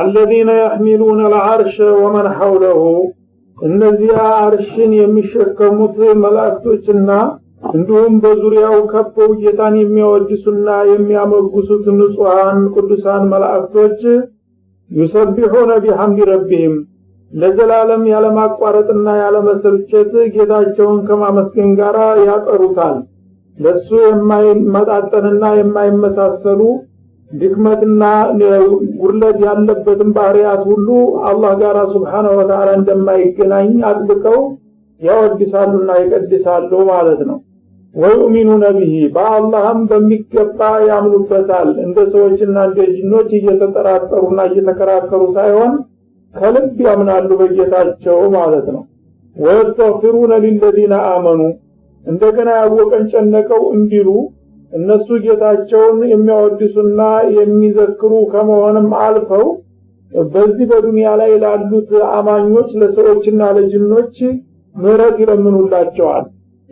አለዚነ የሕሚሉነ ለዐርሸ ወመን ሐውለሁ እነዚያ አርሽን የሚሸከሙት መላእክቶችና እንዲሁም በዙሪያው ከበው ጌታን የሚያወድሱና የሚያመጉሱት ንጹሐን ቅዱሳን መላእክቶች ዩሰቢሑነ ቢሐምዲ ረቢህም ለዘላለም ያለማቋረጥና ያለመሰልቸት ጌታቸውን ከማመስገን ጋር ያጠሩታል። ለሱ የማይመጣጠንና የማይመሳሰሉ ድክመትና ጉድለት ያለበትን ባህርያት ሁሉ አላህ ጋር ስብሓነ ወተዓላ እንደማይገናኝ አጥብቀው ያወድሳሉና ይቀድሳሉ ማለት ነው። ወዩእሚኑነ ብሂ በአላህም በሚገባ ያምኑበታል። እንደ ሰዎችና እንደ ጅኖች እየተጠራጠሩና እየተከራከሩ ሳይሆን ከልብ ያምናሉ በጌታቸው ማለት ነው። ወየስተግፊሩነ ሊለዚነ አመኑ እንደገና ያወቀን ጨነቀው እንዲሉ እነሱ ጌታቸውን የሚያወድሱና የሚዘክሩ ከመሆንም አልፈው በዚህ በዱንያ ላይ ላሉት አማኞች ለሰዎችና ለጅኖች ምህረት ይለምኑላቸዋል።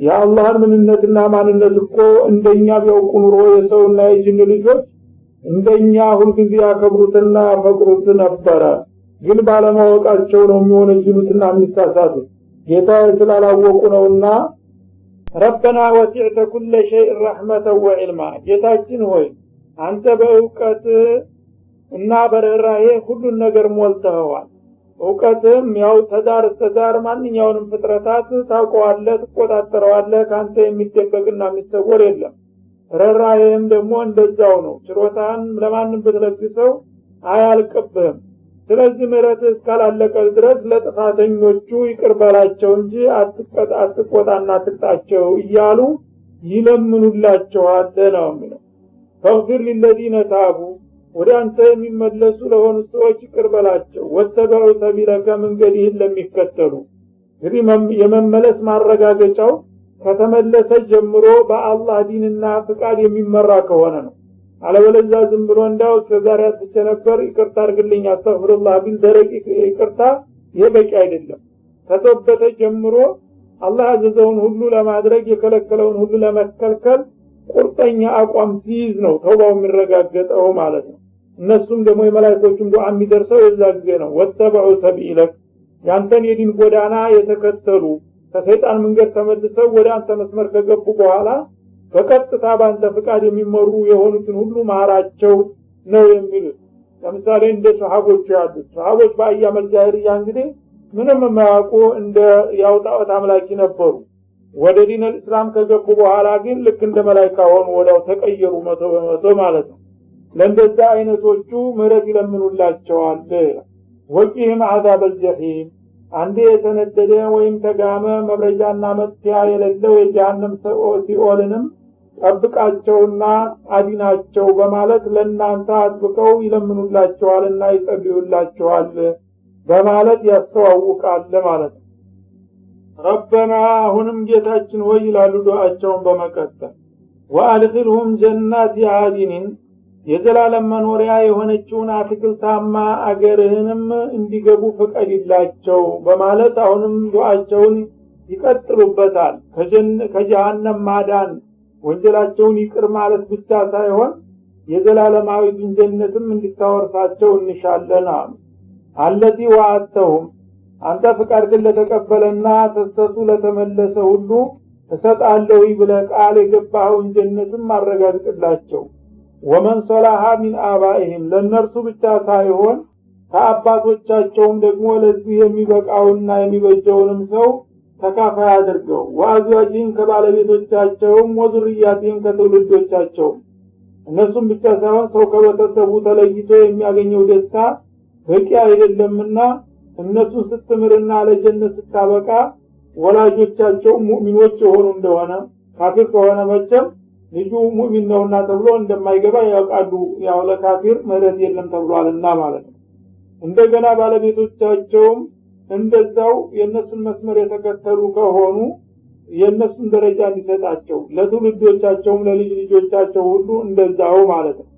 የአላህን ምንነትና ማንነት እኮ እንደኛ ቢያውቁ ኑሮ የሰውና የጅን ልጆች እንደኛ ሁልጊዜ ያከብሩትና ያፈቅሩት ነበረ። ግን ባለማወቃቸው ነው የሚሆነ ጅኑትና የሚሳሳቱት ጌታ ስላላወቁ ነውና ረበና ወሲዕተ ኩለ ሸይእ ረሕመተን ወዕልማ ጌታችን ሆይ አንተ በእውቀት እና በርኅራሄ ሁሉን ነገር ሞልተኸዋል እውቀትም ያው ተዳር ተዳር ማንኛውንም ፍጥረታት ታውቀዋለህ ትቆጣጠረዋለህ ከአንተ የሚደበቅና የሚሰወር የለም ርኅራሄህም ደግሞ እንደዛው ነው ችሮታን ለማንም ብትለግሰው አያልቅብህም ስለዚህ ምሕረትህ እስካላለቀ ድረስ ለጥፋተኞቹ ይቅርበላቸው እንጂ አትቆጣና አትቅጣቸው እያሉ ይለምኑላቸዋል ነው የሚለው። ፈግፊር ሊለዚነ ታቡ ወደ አንተ የሚመለሱ ለሆኑ ሰዎች ይቅርበላቸው ወተበዑ ሰቢለከ መንገድህን ለሚከተሉ እንግዲህ የመመለስ ማረጋገጫው ከተመለሰ ጀምሮ በአላህ ዲንና ፍቃድ የሚመራ ከሆነ ነው። አለበለዛ ዝም ብሎ እንዳው እስከዛሬ አጥቼ ነበር ይቅርታ አድርግልኝ አስተፍሩላህ ቢል ደረቅ ይቅርታ ይሄ በቂ አይደለም ከተወበተ ጀምሮ አላህ ያዘዘውን ሁሉ ለማድረግ የከለከለውን ሁሉ ለመከልከል ቁርጠኛ አቋም ሲይዝ ነው ተውባው የሚረጋገጠው ማለት ነው እነሱም ደግሞ የመላይኮቹም ዱዓ የሚደርሰው የዛ ጊዜ ነው ወተበዑ ሰቢለክ ያንተን የዲን ጎዳና የተከተሉ ከሰይጣን መንገድ ተመልሰው ወደ አንተ መስመር ከገቡ በኋላ በቀጥታ ባንተ ፍቃድ የሚመሩ የሆኑትን ሁሉ ማራቸው ነው የሚሉት። ለምሳሌ እንደ ሰሃቦቹ ያሉት ሰሃቦች በአያ መልጃሄርያ እንግዲህ ምንም የማያውቁ እንደ ያውጣወት አምላኪ ነበሩ። ወደ ዲን ልእስላም ከገቡ በኋላ ግን ልክ እንደ መላይካ ሆኑ፣ ወዲያው ተቀየሩ፣ መቶ በመቶ ማለት ነው። ለእንደዛ አይነቶቹ ምህረት ይለምኑላቸዋል። ወቂህም አዛበል ጀሒም አንድ የተነደደ ወይም ተጋመ መብረጃና መጥያ የሌለው የጀሃነም ሲኦልንም ጠብቃቸውና አዲናቸው በማለት ለእናንተ አጥብቀው ይለምኑላችኋልና ይጸልዩላቸዋል በማለት ያስተዋውቃል ማለት ነው። ረበና አሁንም ጌታችን ሆይ ይላሉ ዱዓቸውን በመቀጠል ወአድኺልሁም ጀናት የአዲኒን የዘላለም መኖሪያ የሆነችውን አትክልታማ አገርህንም እንዲገቡ ፍቀድላቸው በማለት አሁንም ዱዓቸውን ይቀጥሉበታል። ከጀሃነም ማዳን ወንጀላቸውን ይቅር ማለት ብቻ ሳይሆን የዘላለማዊ ጀነትም እንድታወርሳቸው እንሻለና አለዚ ዋአተሁም አንተ ፍቃድ ግን ለተቀበለና ተስተቱ ለተመለሰ ሁሉ እሰጣለሁ ብለህ ቃል የገባኸውን ጀነትም አረጋግጥላቸው ወመን ሶላሃ ሚን አባኢህም ለእነርሱ ብቻ ሳይሆን ከአባቶቻቸውም ደግሞ ለዚህ የሚበቃውና የሚበጀውንም ሰው ተካፋይ አድርገው ወአዝዋጅህም ከባለቤቶቻቸውም ወዙርያትህም ከትውልዶቻቸውም እነሱም ብቻ ሳይሆን ሰው ከበተሰቡ ተለይቶ የሚያገኘው ደስታ በቂ አይደለምና እነሱን ስትምርና ለጀነት ስታበቃ ወላጆቻቸው ሙእሚኖች የሆኑ እንደሆነ ካፊር ከሆነ መቼም ልጁ ሙእሚን ነውና ተብሎ እንደማይገባ ያውቃሉ። ያው ለካፊር ምህረት የለም ተብሏልና ማለት ነው። እንደገና ባለቤቶቻቸውም እንደዛው የእነሱን መስመር የተከተሉ ከሆኑ የእነሱን ደረጃ እንዲሰጣቸው ለትውልዶቻቸውም ለልጅ ልጆቻቸው ሁሉ እንደዛው ማለት ነው።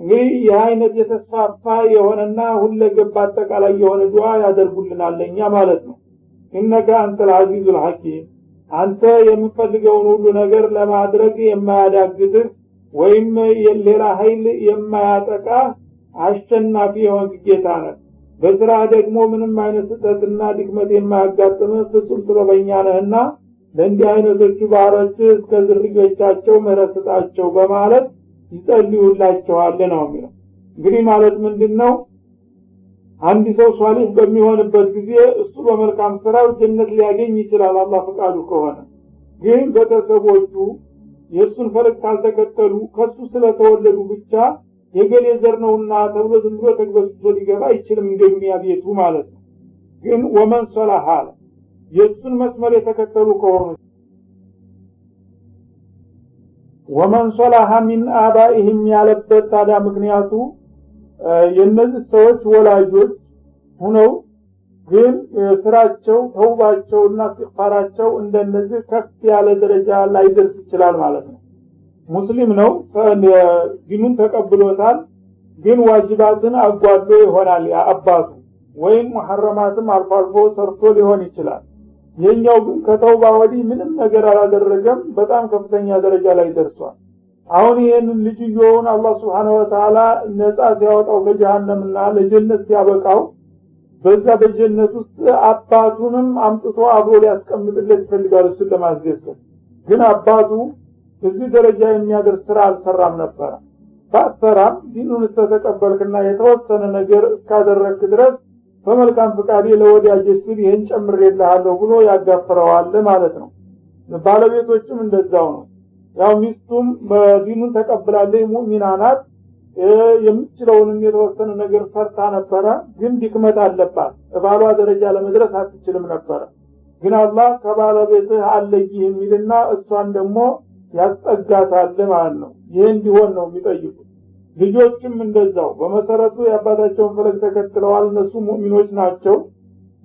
እንግዲህ ይህ አይነት የተስፋፋ የሆነና ሁለ ገብ አጠቃላይ የሆነ ድዋ ያደርጉልናል ለእኛ ማለት ነው። ኢነከ አንተ ልአዚዙ ልሐኪም አንተ የምፈልገውን ሁሉ ነገር ለማድረግ የማያዳግትህ ወይም የሌላ ኃይል የማያጠቃ አሸናፊ የሆንክ ጌታ ነህ። በስራ ደግሞ ምንም አይነት ስጠትና ድክመት የማያጋጥም ፍጹም ጥበበኛ ነህና ለእንዲህ አይነቶቹ ባሮች እስከ ዝርጆቻቸው ምህረት ስጣቸው በማለት ይጸልዩላቸዋል ነው የሚለው። እንግዲህ ማለት ምንድን ነው? አንድ ሰው ሷሊህ በሚሆንበት ጊዜ እሱ በመልካም ስራው ጀነት ሊያገኝ ይችላል፣ አላህ ፈቃዱ ከሆነ። ግን ቤተሰቦቹ የእሱን ፈለግ ካልተከተሉ ከሱ ስለተወለዱ ብቻ የገሌ ዘር ነውና ተብሎ ዝም ብሎ ተግበስብሶ ሊገባ አይችልም፣ እንደሚያ ቤቱ ማለት ነው። ግን ወመን ሶላህ አለ የእሱን መስመር የተከተሉ ከሆኑ ወመን ሶላሃ ሚን አባኢህም ያለበት ታዲያ ምክንያቱ የእነዚህ ሰዎች ወላጆች ሁነው ግን ስራቸው ተውባቸውና ሲፋራቸው እንደነዚህ ከፍ ያለ ደረጃ ላይደርስ ይችላል ማለት ነው። ሙስሊም ነው፣ ዲኑን ተቀብሎታል። ግን ዋጅባትን አጓሎ ይሆናል አባቱ ወይም መሐረማትም አልፎ አልፎ ሰርቶ ሊሆን ይችላል። የኛው ግን ከተውባ ወዲህ ምንም ነገር አላደረገም። በጣም ከፍተኛ ደረጃ ላይ ደርሷል። አሁን ይህንን ልጅየውን አላህ ስብሓን ወተላ ነጻ ሲያወጣው ለጀሃነምና ለጀነት ሲያበቃው በዛ በጀነት ውስጥ አባቱንም አምጥቶ አብሮ ሊያስቀምጥለት ይፈልጋል እሱን ለማስደሰት ግን አባቱ እዚህ ደረጃ የሚያደርስ ስራ አልሰራም ነበረ ባትሰራም ዲኑን እስተተቀበልክና የተወሰነ ነገር እስካደረግክ ድረስ በመልካም ፍቃዴ ለወዳጅ ስል ይህን ጨምሬልሃለሁ ብሎ ያጋፍረዋል ማለት ነው ባለቤቶችም እንደዛው ነው ያው ሚስቱም ዲኑን ተቀብላለች ሙእሚና ናት የምችለውንም የተወሰነ ነገር ሰርታ ነበረ ግን ድክመት አለባት ባሏ ደረጃ ለመድረስ አትችልም ነበረ ግን አላህ ከባለቤትህ አለይህ የሚልና እሷን ደግሞ ያስጠጋታል ማለት ነው ይሄ እንዲሆን ነው የሚጠይቁት ልጆችም እንደዛው በመሰረቱ የአባታቸውን ፈለግ ተከትለዋል እነሱ ሙእሚኖች ናቸው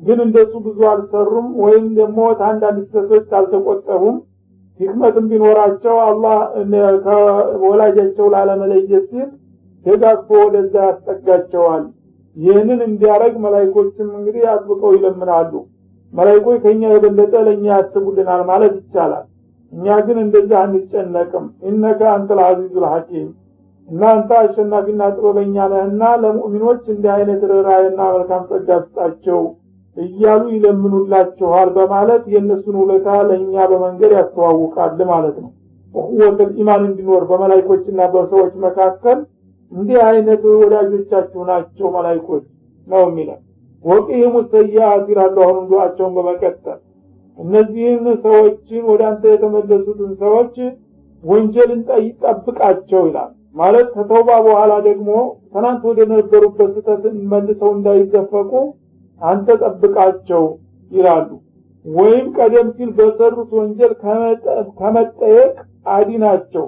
ግን እንደሱ ብዙ አልሰሩም ወይም ደግሞ ከአንዳንድ ስህተቶች አልተቆጠቡም ህክመትም ቢኖራቸው አላህ ከወላጃቸው ላለመለየት ሲል ተጋግፎ ወደዛ ያስጠጋቸዋል ይህንን እንዲያደረግ መላይኮችም እንግዲህ አጥብቀው ይለምናሉ መላይኮች ከእኛ የበለጠ ለእኛ ያስቡልናል ማለት ይቻላል እኛ ግን እንደዛ አንጨነቅም ኢነከ አንተ ልአዚዙ ልሐኪም እናንተ አሸናፊና ጥበበኛ ነህና ለሙእሚኖች እንዲህ አይነት ርኅራይና መልካም ጸጋ ስጣቸው እያሉ ይለምኑላችኋል በማለት የእነሱን ውለታ ለእኛ በመንገድ ያስተዋውቃል ማለት ነው። ወተል ኢማን እንዲኖር በመላይኮችና በሰዎች መካከል እንዲህ አይነት ወዳጆቻችሁ ናቸው መላይኮች ነው የሚለው። ወቅህም ሰያአት ይላሉ። አሁንም በመቀጠል እነዚህን ሰዎችን ወደ አንተ የተመለሱትን ሰዎች ወንጀልን ጠይጠብቃቸው ይላል። ማለት ከተውባ በኋላ ደግሞ ትናንት ወደ ነበሩበት ስህተት መልሰው እንዳይዘፈቁ አንተ ጠብቃቸው ይላሉ። ወይም ቀደም ሲል በሰሩት ወንጀል ከመጠየቅ አዲ ናቸው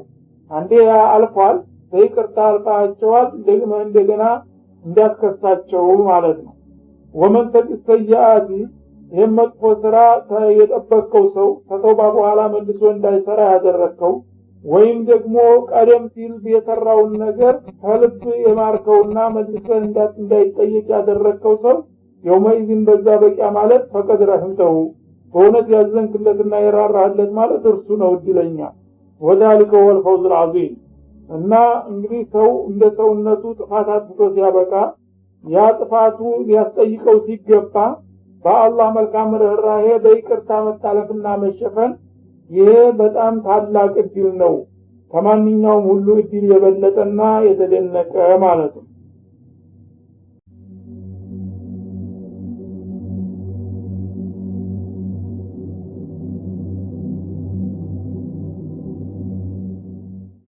አንዴ አልፏል፣ በይቅርታ አልፋቸዋል። እንደገና እንዳትከሳቸው ማለት ነው። ወመን ተቂ ሰያአቲ ይህም መጥፎ ስራ የጠበቅከው ሰው ከተውባ በኋላ መልሶ እንዳይሰራ ያደረግከው ወይም ደግሞ ቀደም ሲል የሰራውን ነገር ከልብ የማርከውና መልሰን እንዳይጠየቅ ያደረግከው ሰው የውመይዝን በዛ በቂያ ማለት ፈቀድ ረህምተው በእውነት ያዘንክለትና የራራህለት ማለት እርሱ ነው እድለኛ ወዛሊከ ወልፈውዝ ልዓዚም እና እንግዲህ ሰው እንደ ሰውነቱ ጥፋት አጥፍቶ ሲያበቃ ያ ጥፋቱ ሊያስጠይቀው ሲገባ በአላህ መልካም ርኅራሄ በይቅርታ መታለፍና መሸፈን ይሄ በጣም ታላቅ እድል ነው ከማንኛውም ሁሉ እድል የበለጠና የተደነቀ ማለት ነው